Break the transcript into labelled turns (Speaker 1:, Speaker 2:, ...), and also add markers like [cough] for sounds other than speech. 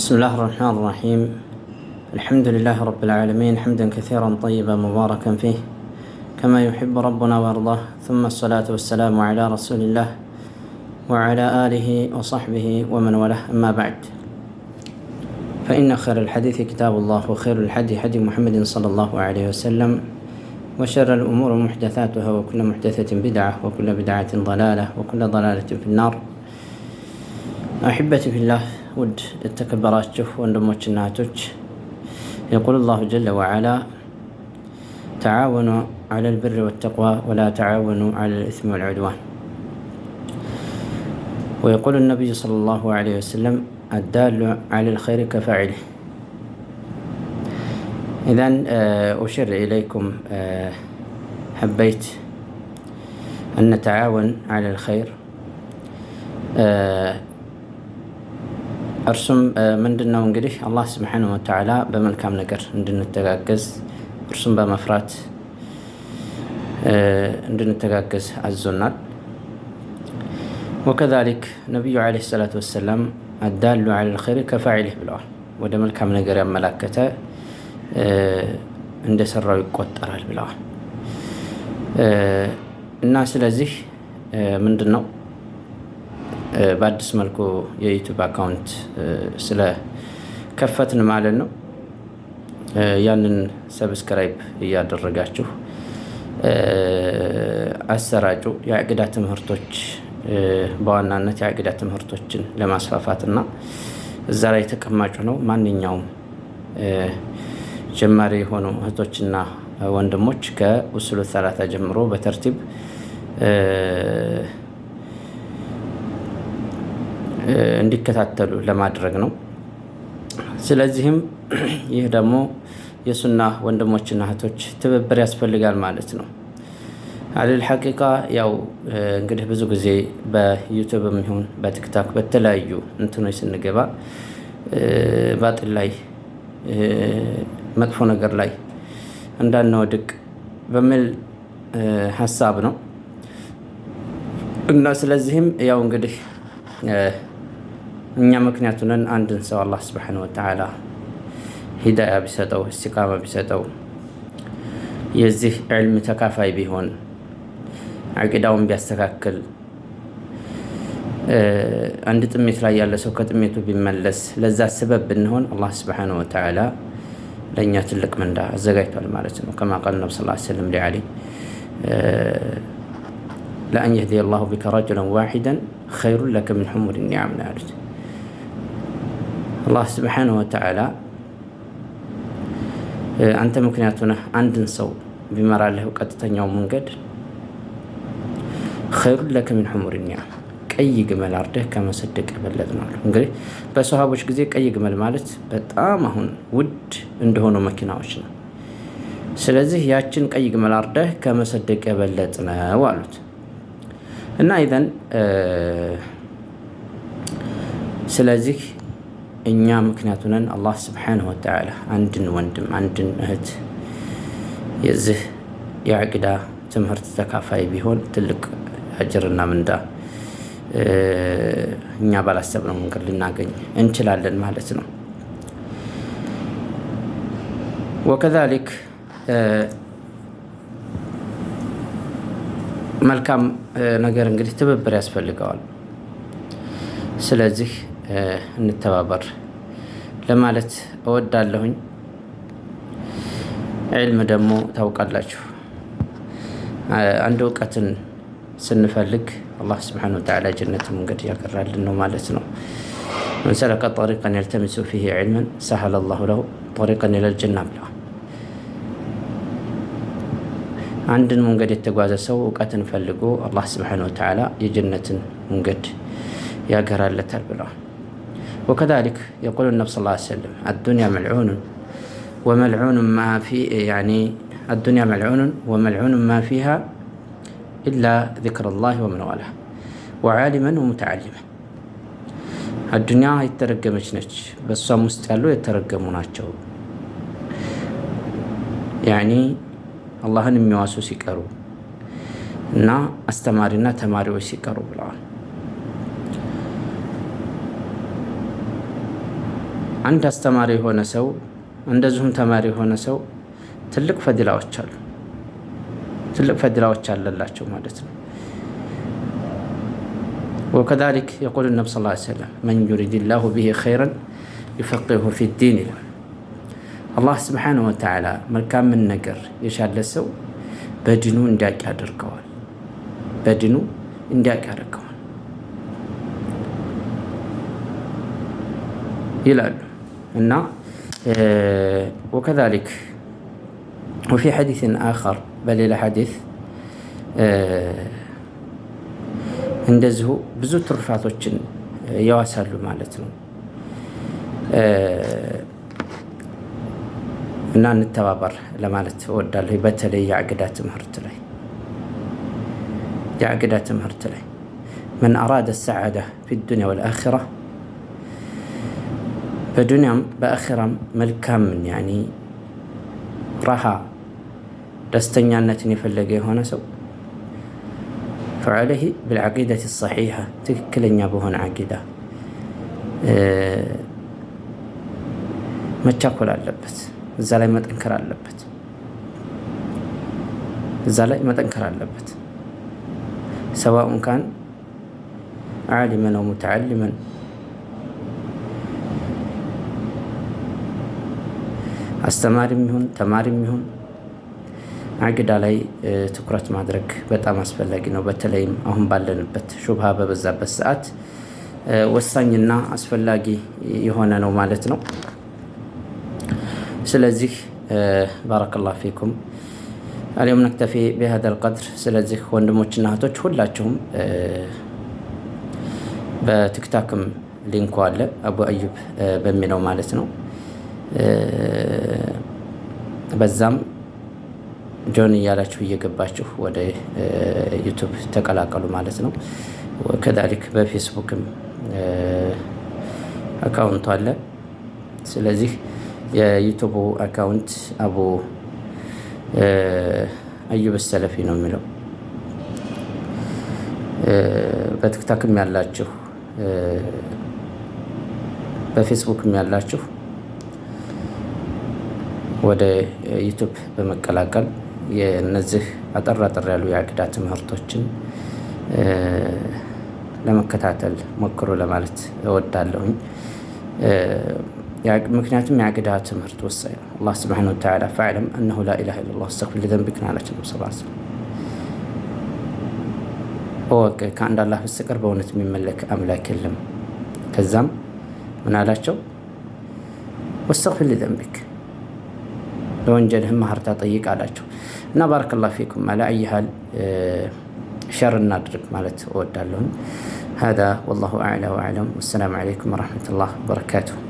Speaker 1: بسم الله الرحمن الرحيم الحمد لله رب العالمين حمدا كثيرا طيبا مباركا فيه كما يحب ربنا ويرضاه ثم الصلاة والسلام على رسول الله وعلى آله وصحبه ومن وله أما بعد فإن خير الحديث كتاب الله وخير الحدي حدي محمد صلى الله عليه وسلم وشر الأمور محدثاتها وكل محدثة بدعة وكل بدعة ضلالة وكل ضلالة في النار أحبتي في الله ውድ የተከበራችሁ ወንድሞችና እህቶች የቁል አላሁ ጀለ ወዓላ ተዓወኑ ዐለል ብሪ ወተቅዋ ወላ ተዓወኑ ዐለል ኢስሚ ወልዑድዋን ويقول النبي صلى الله عليه وسلم الدال على الخير كفاعله إذا أشر إليكم حبيت أن نتعاون على الخير እርሱም ምንድን ነው እንግዲህ አላህ ስብሓነሁ ወተዓላ በመልካም ነገር እንድንተጋገዝ እርሱም በመፍራት እንድንተጋገዝ አዞናል። ወከዛሊክ ነቢዩ ዓለይሂ ሰላቱ ወሰላም አዳሉ ዓለል ኸይር ከፋዒሊህ ብለዋል። ወደ መልካም ነገር ያመላከተ እንደሰራው ይቆጠራል ብለዋል እና ስለዚህ ምንድን ነው በአዲስ መልኩ የዩቱብ አካውንት ስለ ከፈትን ማለት ነው። ያንን ሰብስክራይብ እያደረጋችሁ አሰራጩ። የአቂዳ ትምህርቶች በዋናነት የአቂዳ ትምህርቶችን ለማስፋፋት እና እዛ ላይ የተቀማጩ ነው። ማንኛውም ጀማሪ የሆኑ እህቶችና ወንድሞች ከኡሱሉ ሰላታ ጀምሮ በተርቲብ እንዲከታተሉ ለማድረግ ነው። ስለዚህም [clears throat] ይህ ደግሞ የሱና ወንድሞችና እህቶች ትብብር ያስፈልጋል ማለት ነው። አለል ሐቂቃ ያው እንግዲህ ብዙ ጊዜ በዩቱብም ይሁን በቲክታክ በተለያዩ እንትኖች ስንገባ ባጥል ላይ መጥፎ ነገር ላይ ድቅ በሚል ሀሳብ ነው እና ስለዚህም ያው እንግዲህ እኛ ምክንያቱ ነን። አንድን ሰው አላህ ስብሓነሁ ወተዓላ ሂዳያ ቢሰጠው እስቲቃማ ቢሰጠው የዚህ ዕልም ተካፋይ ቢሆን አቂዳውን ቢያስተካክል አንድ ጥሜት ላይ ያለ ሰው ከጥሜቱ ቢመለስ ለዛ ስበብ ብንሆን አላህ ስብሓነሁ ወተዓላ ለእኛ ትልቅ ምንዳ አዘጋጅቷል ማለት ነው። ከማ ቃል ነብ ስላ ስለም ሊዓሊ ለአን የህዲ ላሁ ቢከ ረጅለን ዋሒደን ኸይሩን ለከ ምን ሑሙሪ ኒዓም ነው ያሉት። አላህ ስብሓነሁ ወተዓላ አንተ ምክንያቱ ነህ። አንድን ሰው ቢመራልህ ቀጥተኛው መንገድ ኸይሩን ለከ ሚን ሑሙሪ ቀይ ግመል አርደህ ከመሰደቅ የበለጠ ነው አሉ። እንግዲህ በሰሃቦች ጊዜ ቀይ ግመል ማለት በጣም አሁን ውድ እንደሆኑ መኪናዎች ነው። ስለዚህ ያችን ቀይ ግመል አርደህ ከመሰደቅ የበለጠ ነው አሉት እና ኢዘን ስለዚህ እኛ ምክንያቱ ነን። አላህ ስብሓነሁ ወተዓላ አንድን ወንድም አንድን እህት የዚህ የዐቂዳ ትምህርት ተካፋይ ቢሆን ትልቅ አጅርና ምንዳ እኛ ባላሰብነው መንገድ ልናገኝ እንችላለን ማለት ነው። ወከዛሊክ መልካም ነገር እንግዲህ ትብብር ያስፈልገዋል። ስለዚህ እንተባበር ለማለት እወዳለሁኝ። ዕልም ደግሞ ታውቃላችሁ፣ አንድ እውቀትን ስንፈልግ አላህ ስብሓነ ወተዓላ ጀነት መንገድ ያቀራልን ነው ማለት ነው። መን ሰለከ ጠሪቀን የልተሚሱ ፊሂ ዒልመን ሰሀለ ላሁ ለሁ ጠሪቀን ኢለል ጀና ብለዋል። አንድን መንገድ የተጓዘ ሰው እውቀትን ፈልጎ አላህ ስብሓነ ወተዓላ የጀነትን መንገድ ያገራለታል ብለዋል። وكذلك يقول النبي صلى الله عليه وسلم الدنيا ملعون وملعون ما في يعني الدنيا ملعون وملعون ما فيها إلا ذكر الله ومن والاه وعالما ومتعلما الدنيا የተረገመች ነች بس ውስጥ ያሉ يعني الله نمي አላህን የሚዋሱ نا እና አስተማሪና ተማሪዎች ሲቀሩ بالعالم አንድ አስተማሪ የሆነ ሰው እንደዚሁም ተማሪ የሆነ ሰው ትልቅ ፈዲላዎች አሉ ትልቅ ፈዲላዎች አለላቸው ማለት ነው። ወከዛሊክ የቁል ነብ ስ ሰለም መን ዩሪድ ላሁ ብሂ ኸይረን ዩፈቂሁ ፊ ዲን ይላል። አላህ ስብሓነሁ ወተዓላ መልካምን ነገር የሻለ ሰው በድኑ እንዲያቅ ያደርገዋል። በድኑ እንዲያቅ ያደርገዋል ይላሉ። أن آه، وكذلك وفي حديث آخر بل إلى حديث عندزه بزوت رفعت وجن يواسل مالته إن أن التوابر لما لت ودل هي بتلي يعقدات مهرت لي يعقدات مهرت لي من أراد السعادة في الدنيا والآخرة በዱንያም በአኺራም መልካምን ያኒ ረሃ ደስተኛነትን የፈለገ የሆነ ሰው ፈዐለይህ ብልዓቂደት ሰሒሐ ትክክለኛ በሆነ ዓቂዳ መቻኮል አለበት። እዛ ላይ መጠንከር አለበት። እዛ ላይ መጠንከር አለበት። ሰዋኡን ካን ዓሊመን አው አስተማሪም ይሁን ተማሪም ይሁን አቂዳ ላይ ትኩረት ማድረግ በጣም አስፈላጊ ነው። በተለይም አሁን ባለንበት ሹብሃ በበዛበት ሰዓት ወሳኝና አስፈላጊ የሆነ ነው ማለት ነው። ስለዚህ ባረከላሁ ፊኩም አልዮም ነክተፊ ቢሃደ ልቀድር። ስለዚህ ወንድሞችና እህቶች ሁላችሁም በቲክታክም ሊንኩ አለ አቡ አዩብ በሚለው ማለት ነው በዛም ጆን እያላችሁ እየገባችሁ ወደ ዩቱብ ተቀላቀሉ ማለት ነው። ከዛሊክ በፌስቡክም አካውንቱ አለ። ስለዚህ የዩቱቡ አካውንት አቡ አዩብ ሰለፊ ነው የሚለው። በቲክታክም ያላችሁ በፌስቡክም ያላችሁ ወደ ዩቱብ በመቀላቀል የእነዚህ አጠር አጠር ያሉ የአቂዳ ትምህርቶችን ለመከታተል ሞክሮ ለማለት እወዳለሁኝ። ምክንያቱም የአቂዳ ትምህርት ወሳኝ ነው። አላህ ሱብሓነሁ ወተዓላ ፈዕለም አነሁ ላ ኢላሃ ኢለላህ ወስተግፊር ነው ሰባ እወቅ ከአንድ አላህ በስተቀር በእውነት የሚመለክ አምላክ የለም። ከዛም ምን አላቸው? ወስተግፊር ለወንጀልህም ማህርታ ጠይቅ አላቸው እና ባረከላሁ ፊኩም አላ አይሃል ሸር እናድርግ ማለት እወዳለሁኝ። هذا والله أعلى وأعلم والسلام عليكم ورحمة الله